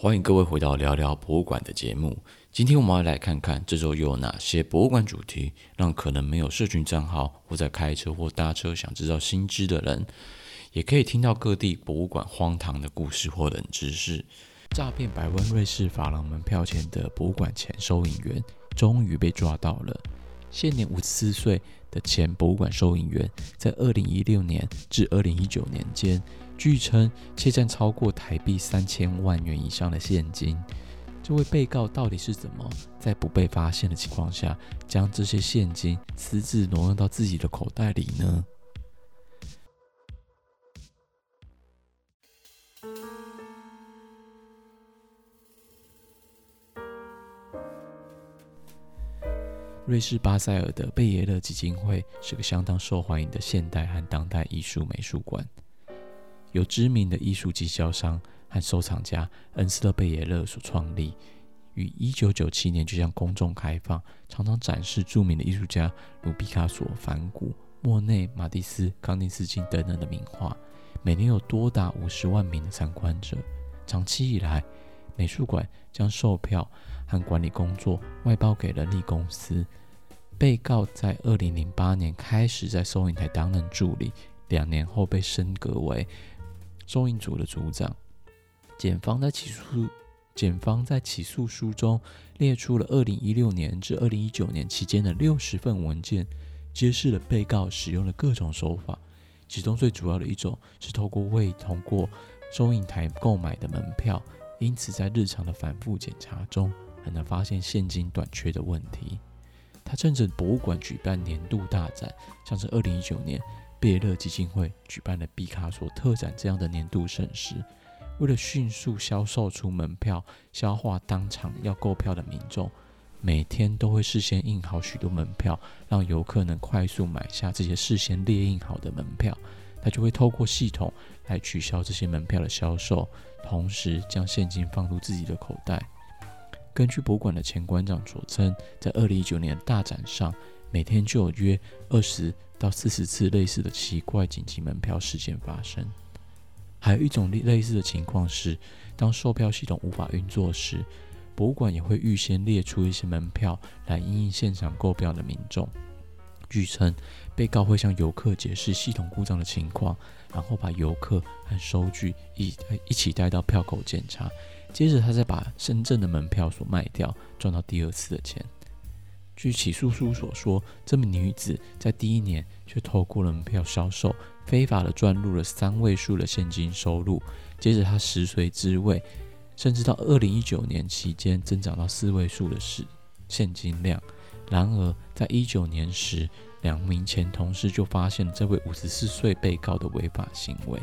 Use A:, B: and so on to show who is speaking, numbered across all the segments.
A: 歡迎各位回到聊聊博物館的節目。今天我們要來看看這周又有哪些博物館主題，讓可能沒有社群賬號或在開車或搭車，想知道新知的人，也可以聽到各地博物館荒唐的故事或冷知識。詐騙百萬瑞士法郎門票錢的博物館前收銀員，終於被抓到了。現年五十四歲的前博物館收銀員，在二零一六年至二零一九年間。據稱，竊佔超過台幣三千萬元以上的現金，這位被告到底是怎麼在不被發現的情況下，將這些現金私自挪用到自己的口袋裡呢？瑞士巴塞爾的貝耶勒基金會是個相當受歡迎的現代和當代藝術美術館。由知名的藝術經銷商和收藏家恩斯特·貝耶勒所創立，於1997年就向公眾開放，常常展示著名的藝術家如畢卡索、梵谷、莫內、馬蒂斯、康定斯基等等的名畫。每年有多達五十萬名的參觀者。長期以來，美術館將售票和管理工作外包給人力公司。被告在2008年開始在收銀台擔任助理，兩年後被升格為。收銀組的組長，檢方在起訴書，檢方在起訴書中列出了二零一六年至二零一九年期間的六十份文件，揭示了被告使用的各種手法，其中最主要的一種是透過未通過收銀台購買的門票，因此在日常的反復檢查中很難發現現金短缺的問題。他趁着博物館舉辦年度大展，像是二零一九年。貝勒基金會舉辦的畢卡索特展這樣的年度盛事，為了迅速銷售出門票，消化當場要購票的民眾，每天都會事先印好許多門票，讓遊客能快速買下這些事先列印好的門票。他就會透過系統來取消這些門票的銷售，同時將現金放入自己的口袋。根據博物館的前館長所稱，在二零一九年的大展上。每天就有約二十到四十次類似的奇怪緊急門票事件發生。還有一種類似的情況是，當售票系統無法運作時，博物館也會預先列出一些門票來因應現場購票的民眾。據稱，被告會向遊客解釋系統故障的情況，然後把遊客和收據一起一起帶到票口檢查，接着他再把深圳的門票所賣掉，賺到第二次的錢。據起訴書所說，這名女子在第一年就透過了門票銷售，非法地賺入了三位數的現金收入。接着，她食髓知味，甚至到二零一九年期間增長到四位數的是現金量。然而，在一九年時，兩名前同事就發現了這位五十四歲被告的違法行為。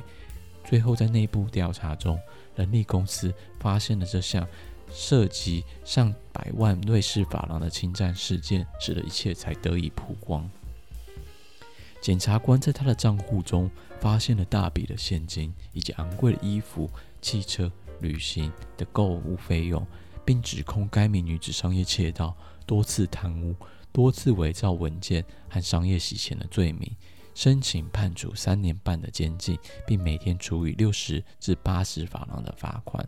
A: 最後，在內部調查中，人力公司發現了這項。涉及上百萬瑞士法郎的侵占事件，使得一切才得以曝光。檢察官在他的賬戶中發現了大筆的現金，以及昂貴的衣服、汽車、旅行的購物費用，並指控該名女子商業竊盜、多次貪污、多次偽造文件和商業洗錢的罪名，申請判處三年半的監禁，並每天處以六十至八十法郎的罰款。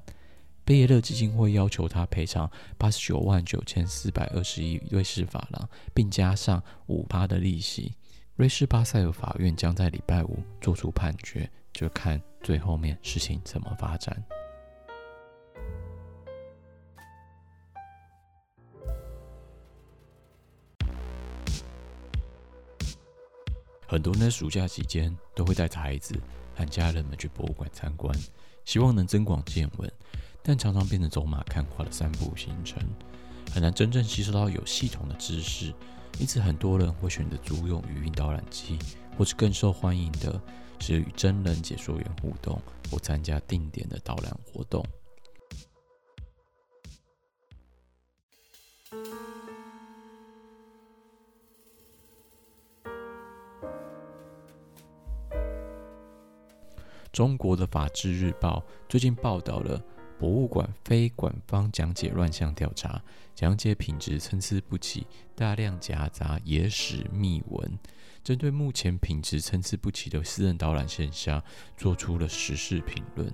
A: 貝耶勒基金會要求他賠償八十九萬九千四百二十一瑞士法郎，並加上五%的利息。瑞士巴塞爾法院將在禮拜五做出判決，就看最後面事情怎麼發展。很多人，暑假期間都會帶着孩子和家人們去博物館參觀，希望能增廣見聞。但常常變成走馬看花的散步行程，很難真正吸收到有系統的知識，因此很多人會選擇租用語音導覽機或是更受歡迎的是與真人解說員互動，或參加定點的導覽活動。中國的《法治日報》最近報道了，博物館非官方講解亂象調查，講解品質參差不齊，大量夾雜野史秘聞。針對目前品質參差不齊的私人導覽現象，做出了時事評論。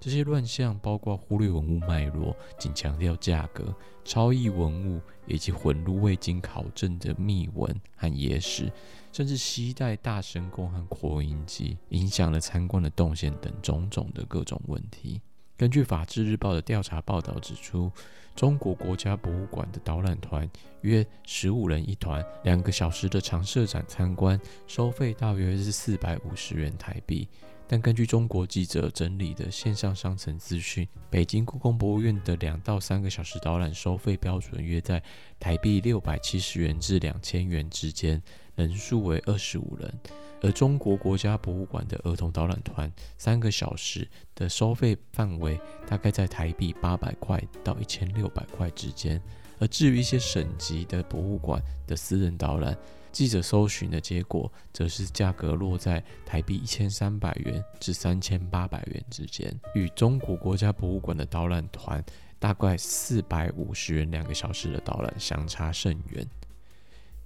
A: 這些亂象包括忽略文物脈絡，僅強調價格，超譯文物，以及混入未經考證的秘聞和野史，甚至攜帶大聲公和擴音機，影響了參觀的動線等種種的各種問題。根據《法治日報》的調查報道指出，中國國家博物館的導覽團約十五人一團，兩個小時的常設展參觀收費大約是四百五十元台幣。但根據中國記者整理的線上商城資訊，北京故宮博物院的兩到三個小時導覽收費標準約在台幣六百七十元至兩千元之間。人數為二十五人，而中國國家博物館的兒童導覽團三個小時的收費範圍大概在台幣八百塊到一千六百塊之間。而至於一些省級的博物館的私人導覽，記者搜尋的結果則是價格落在台幣一千三百元至三千八百元之間，與中國國家博物館的導覽團大概四百五十元兩個小時的導覽相差甚遠。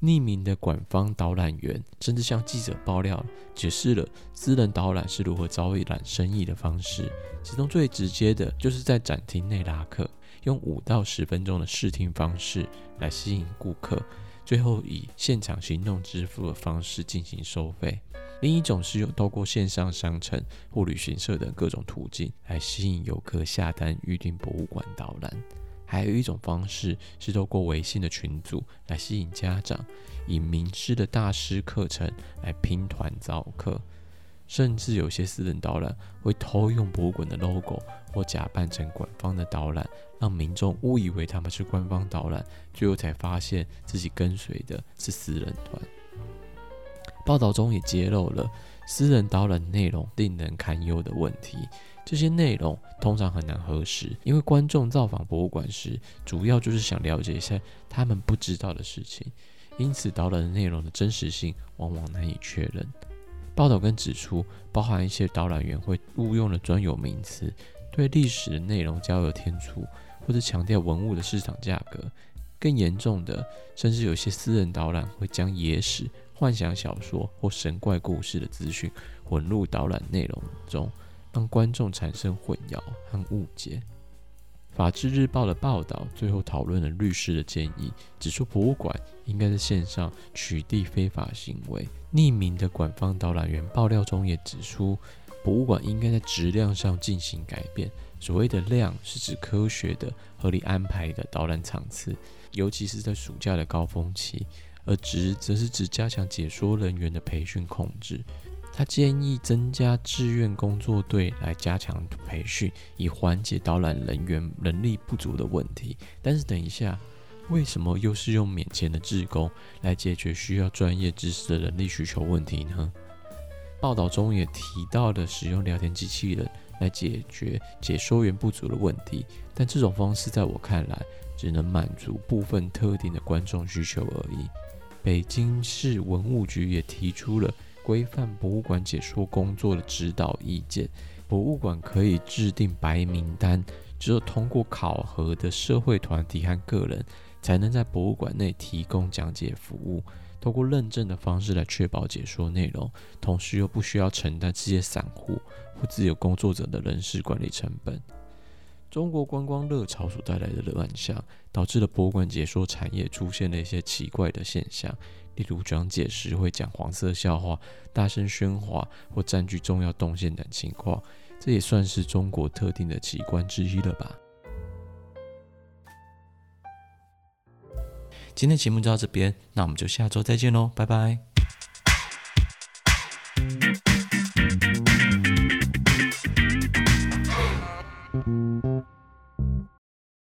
A: 匿名的館方導覽員甚至向記者爆料，解釋了私人導覽是如何招攬生意的方式。其中最直接的就是在展廳內拉客，用五到十分鐘的試聽方式來吸引顧客，最後以現場行動支付的方式進行收費。另一種是透過線上商城或旅行社等各種途徑來吸引遊客下單預訂博物館導覽。還有一種方式是透過微信的群組來吸引家長，以名師的大師課程來拼團招客，甚至有些私人導覽會偷用博物館的 logo 或假扮成官方的導覽，讓民眾誤以為他們是官方導覽，最後才發現自己跟隨的是私人團。報道中也揭露了私人導覽內容令人堪憂的問題。這些內容通常很難核實，因為觀眾造訪博物館時，主要就是想了解一下他們不知道的事情，因此導覽的內容的真實性往往難以確認。報道更指出，包含一些導覽員會誤用了專有名詞，對歷史的內容加油添醋，或者強調文物的市場價格。更嚴重的，甚至有些私人導覽會將野史、幻想小說或神怪故事的資訊混入導覽內容中。讓觀眾產生混淆和誤解。法治日報的報道最後討論了律師的建議，指出博物館應該在線上取締非法行為。匿名的館方導覽員爆料中也指出，博物館應該在質量上進行改變。所謂的“量”是指科學的、合理安排的導覽場次，尤其是在暑假的高峰期；而“質”則是指加強解說人員的培訓、控制。他建議增加志願工作隊來加強培訓，以緩解導覽人員能力不足的問題。但是等一下，為什麼又是用免錢的志工來解決需要專業知識的人力需求問題呢？報道中也提到了使用聊天機器人來解決解說員不足的問題，但這種方式在我看來，只能滿足部分特定的觀眾需求而已。北京市文物局也提出了。規範博物館解說工作的指導意見，博物館可以制定白名單，只有通過考核的社會團體和個人，才能在博物館內提供講解服務。通過認證的方式來確保解說內容，同時又不需要承擔這些散戶或自由工作者的人事管理成本。中國觀光熱潮所帶來的亂象，導致了博物館解說產業出現了一些奇怪的現象，例如講解時會講黃色笑話、大聲喧嘩或占據重要動線等情況，這也算是中國特定的奇觀之一了吧。今天節目就到這邊，那我們就下周再見嘍，拜拜。